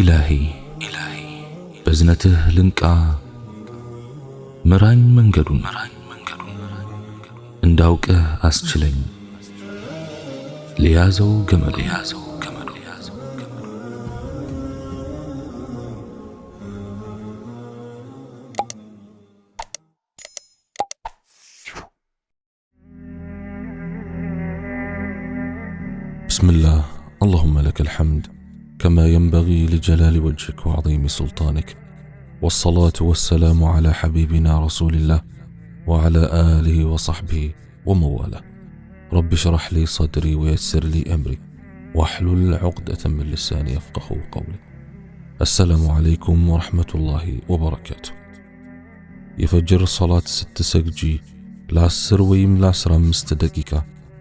إلهي إلهي بزنته لنكا مران منجدو مران منجدو اندوك أسجلين ليازو جمل ليازو جمل ليازو جمل بسم الله اللهم لك الحمد كما ينبغي لجلال وجهك وعظيم سلطانك والصلاه والسلام على حبيبنا رسول الله وعلى اله وصحبه ومواله رب اشرح لي صدري ويسر لي امري واحلل عقده من لساني يفقه قولي السلام عليكم ورحمه الله وبركاته يفجر الصلاة ست سجي ለአስር ወይም ለአስራ አምስት ደቂቃ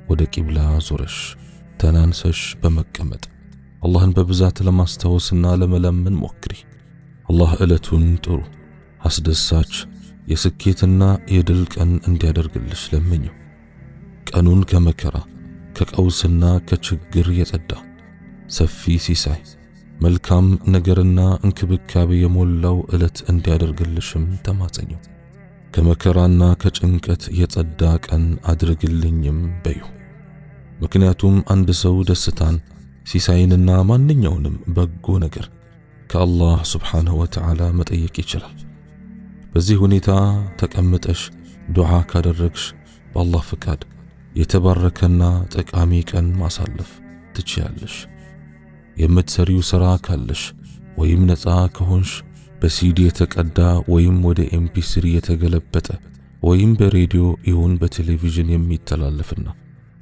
ወደ ቂብላ زرش تنانسش በመቀመጥ አላህን በብዛት ለማስታወስና ለመለመን ሞክሪ። አላህ ዕለቱን ጥሩ፣ አስደሳች የስኬትና የድል ቀን እንዲያደርግልሽ ለምኘው። ቀኑን ከመከራ ከቀውስና ከችግር የጸዳ ሰፊ ሲሳይ፣ መልካም ነገርና እንክብካቤ የሞላው ዕለት እንዲያደርግልሽም ተማጸኘው። ከመከራና ከጭንቀት የጸዳ ቀን አድርግልኝም በዩ። ምክንያቱም አንድ ሰው ደስታን ሲሳይንና ማንኛውንም በጎ ነገር ከአላህ ስብሓንሁ ወተዓላ መጠየቅ ይችላል። በዚህ ሁኔታ ተቀምጠሽ ዱዓ ካደረግሽ በአላህ ፍቃድ የተባረከና ጠቃሚ ቀን ማሳለፍ ትችያለሽ። የምትሰሪው ሥራ ካለሽ ወይም ነፃ ከሆንሽ በሲዲ የተቀዳ ወይም ወደ ኤምፒስሪ የተገለበጠ ወይም በሬዲዮ ይሁን በቴሌቪዥን የሚተላለፍና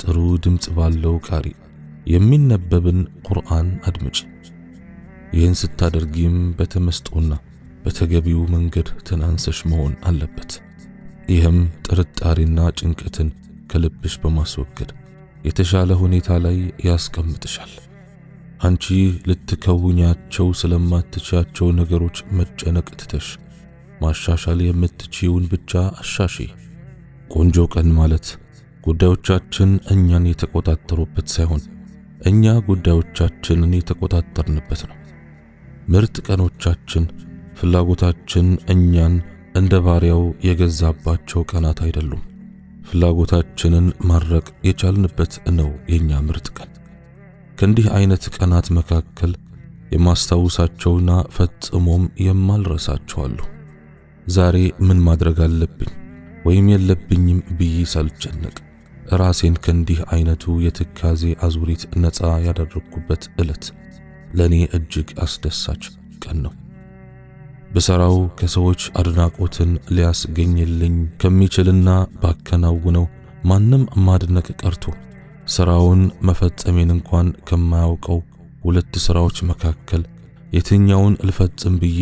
ጥሩ ድምፅ ባለው ቃሪ የሚነበብን ቁርአን አድምጪ። ይህን ስታደርጊም በተመስጦና በተገቢው መንገድ ተናንሰሽ መሆን አለበት። ይህም ጥርጣሬና ጭንቀትን ከልብሽ በማስወገድ የተሻለ ሁኔታ ላይ ያስቀምጥሻል። አንቺ ልትከውኛቸው ስለማትቻቸው ነገሮች መጨነቅ ትተሽ ማሻሻል የምትችውን ብቻ አሻሺ። ቆንጆ ቀን ማለት ጉዳዮቻችን እኛን የተቆጣጠሩበት ሳይሆን እኛ ጉዳዮቻችንን የተቆጣጠርንበት ነው። ምርጥ ቀኖቻችን ፍላጎታችን እኛን እንደ ባሪያው የገዛባቸው ቀናት አይደሉም። ፍላጎታችንን ማድረቅ የቻልንበት ነው የኛ ምርጥ ቀን። ከእንዲህ አይነት ቀናት መካከል የማስታውሳቸውና ፈጽሞም የማልረሳቸው አሉ። ዛሬ ምን ማድረግ አለብኝ ወይም የለብኝም ብዬ ሳልጨነቅ ራሴን ከእንዲህ አይነቱ የትካዜ አዙሪት ነፃ ያደረግኩበት ዕለት ለእኔ እጅግ አስደሳች ቀን ነው። ብሰራው ከሰዎች አድናቆትን ሊያስገኝልኝ ከሚችልና ባከናውነው ማንም ማድነቅ ቀርቶ ሥራውን መፈጸሜን እንኳን ከማያውቀው ሁለት ሥራዎች መካከል የትኛውን ልፈጽም ብዬ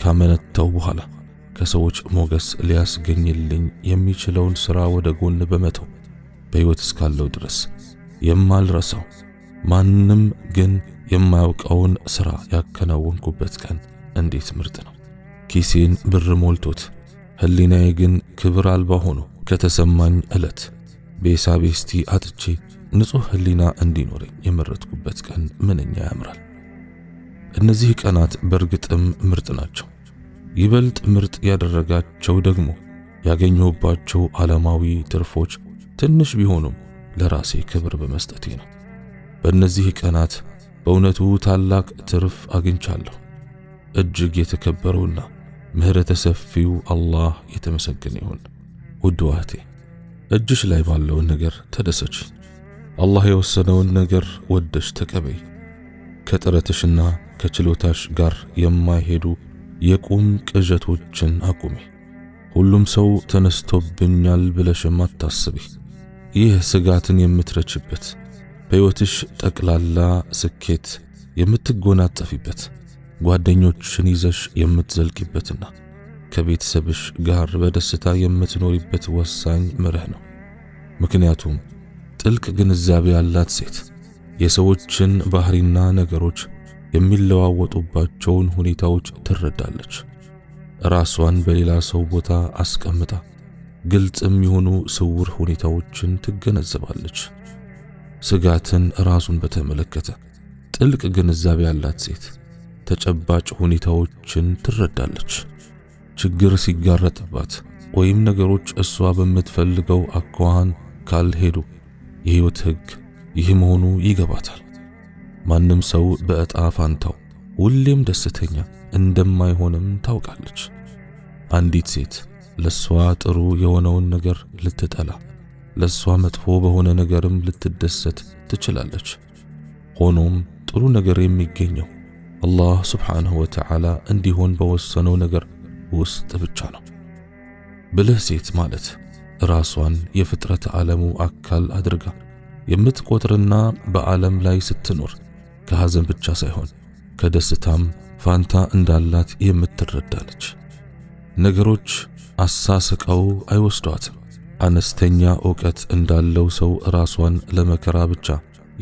ካመነተው በኋላ ከሰዎች ሞገስ ሊያስገኝልኝ የሚችለውን ሥራ ወደ ጎን በመተው በሕይወት እስካለው ድረስ የማልረሳው ማንም ግን የማያውቀውን ሥራ ያከናወንኩበት ቀን እንዴት ምርጥ ነው! ኪሴን ብር ሞልቶት ሕሊናዬ ግን ክብር አልባ ሆኖ ከተሰማኝ ዕለት ቤሳቤስቲ አጥቼ ንጹሕ ሕሊና እንዲኖረኝ የመረጥኩበት ቀን ምንኛ ያምራል! እነዚህ ቀናት በእርግጥም ምርጥ ናቸው። ይበልጥ ምርጥ ያደረጋቸው ደግሞ ያገኘሁባቸው ዓለማዊ ትርፎች ትንሽ ቢሆኑም ለራሴ ክብር በመስጠቴ ነው። በእነዚህ ቀናት በእውነቱ ታላቅ ትርፍ አግኝቻለሁ። እጅግ የተከበረውና ምሕረተ ሰፊው አላህ የተመሰገነ ይሁን። ውድ ዋህቴ እጅሽ ላይ ባለውን ነገር ተደሰች። አላህ የወሰነውን ነገር ወደሽ ተቀበይ። ከጥረትሽና ከችሎታሽ ጋር የማይሄዱ የቁም ቅዠቶችን አቁሚ። ሁሉም ሰው ተነስቶብኛል ብለሽም አታስቢ። ይህ ስጋትን የምትረችበት በሕይወትሽ ጠቅላላ ስኬት የምትጎናጸፊበት ጓደኞችን ይዘሽ የምትዘልቂበትና ከቤተሰብሽ ጋር በደስታ የምትኖሪበት ወሳኝ መርህ ነው። ምክንያቱም ጥልቅ ግንዛቤ ያላት ሴት የሰዎችን ባህሪና ነገሮች የሚለዋወጡባቸውን ሁኔታዎች ትረዳለች። ራሷን በሌላ ሰው ቦታ አስቀምጣ ግልጽም የሆኑ ስውር ሁኔታዎችን ትገነዘባለች። ስጋትን ራሱን በተመለከተ ጥልቅ ግንዛቤ ያላት ሴት ተጨባጭ ሁኔታዎችን ትረዳለች። ችግር ሲጋረጥባት ወይም ነገሮች እሷ በምትፈልገው አኳኋን ካልሄዱ የህይወት ህግ ይህ መሆኑ ይገባታል። ማንም ሰው በዕጣ ፋንታው ሁሌም ደስተኛ እንደማይሆንም ታውቃለች። አንዲት ሴት ለእሷ ጥሩ የሆነውን ነገር ልትጠላ፣ ለእሷ መጥፎ በሆነ ነገርም ልትደሰት ትችላለች። ሆኖም ጥሩ ነገር የሚገኘው አላህ ስብሓንሁ ወተዓላ እንዲሆን በወሰነው ነገር ውስጥ ብቻ ነው። ብልህ ሴት ማለት ራሷን የፍጥረት ዓለሙ አካል አድርጋ የምትቆጥርና በዓለም ላይ ስትኖር ከሐዘን ብቻ ሳይሆን ከደስታም ፋንታ እንዳላት የምትረዳለች። ነገሮች አሳስቀው አይወስዷትም። አነስተኛ ዕውቀት እንዳለው ሰው ራሷን ለመከራ ብቻ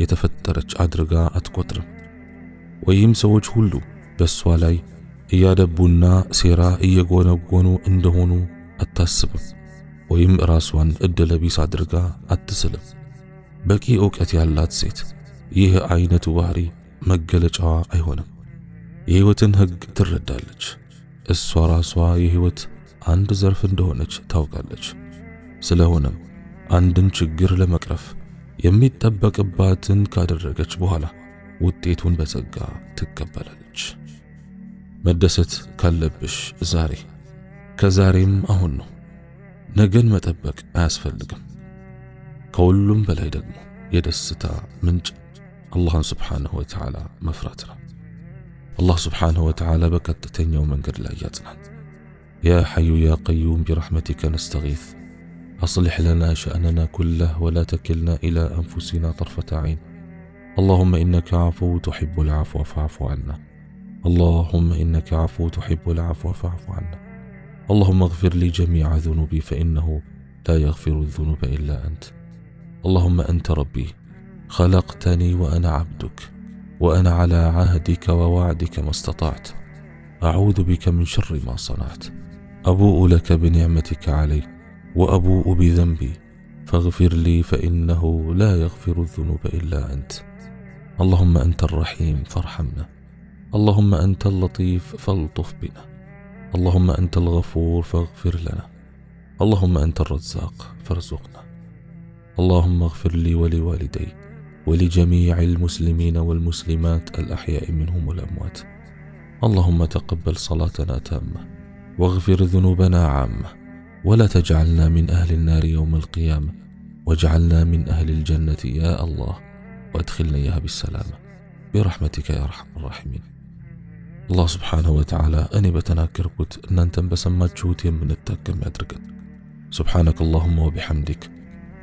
የተፈጠረች አድርጋ አትቆጥርም። ወይም ሰዎች ሁሉ በእሷ ላይ እያደቡና ሴራ እየጎነጎኑ እንደሆኑ አታስብም። ወይም ራሷን እድለቢስ አድርጋ አትስልም። በቂ ዕውቀት ያላት ሴት ይህ አይነቱ ባህሪ መገለጫዋ አይሆንም። የሕይወትን ሕግ ትረዳለች። እሷ ራሷ የህይወት አንድ ዘርፍ እንደሆነች ታውቃለች። ስለሆነም አንድን ችግር ለመቅረፍ የሚጠበቅባትን ካደረገች በኋላ ውጤቱን በጸጋ ትቀበላለች። መደሰት ካለብሽ ዛሬ፣ ከዛሬም አሁን ነው። ነገን መጠበቅ አያስፈልግም። ከሁሉም በላይ ደግሞ የደስታ ምንጭ አላህን ስብሓንሁ ወተዓላ መፍራት ነው። الله سبحانه وتعالى بكى تتنيا ومن قر الآيات يا حي يا قيوم برحمتك نستغيث أصلح لنا شأننا كله ولا تكلنا إلى أنفسنا طرفة عين اللهم إنك عفو تحب العفو فاعف عنا اللهم إنك عفو تحب العفو فاعف عنا اللهم اغفر لي جميع ذنوبي فإنه لا يغفر الذنوب إلا أنت اللهم أنت ربي خلقتني وأنا عبدك وانا على عهدك ووعدك ما استطعت اعوذ بك من شر ما صنعت ابوء لك بنعمتك علي وابوء بذنبي فاغفر لي فانه لا يغفر الذنوب الا انت اللهم انت الرحيم فارحمنا اللهم انت اللطيف فالطف بنا اللهم انت الغفور فاغفر لنا اللهم انت الرزاق فارزقنا اللهم اغفر لي ولوالدي ولجميع المسلمين والمسلمات الأحياء منهم والأموات اللهم تقبل صلاتنا تامة واغفر ذنوبنا عامة ولا تجعلنا من أهل النار يوم القيامة واجعلنا من أهل الجنة يا الله وادخلنا إياها بالسلامة برحمتك يا أرحم الراحمين الله سبحانه وتعالى اني بتناكر batana أنت بسمات tambasan من cutin min takkan madrikat subhanakallahumma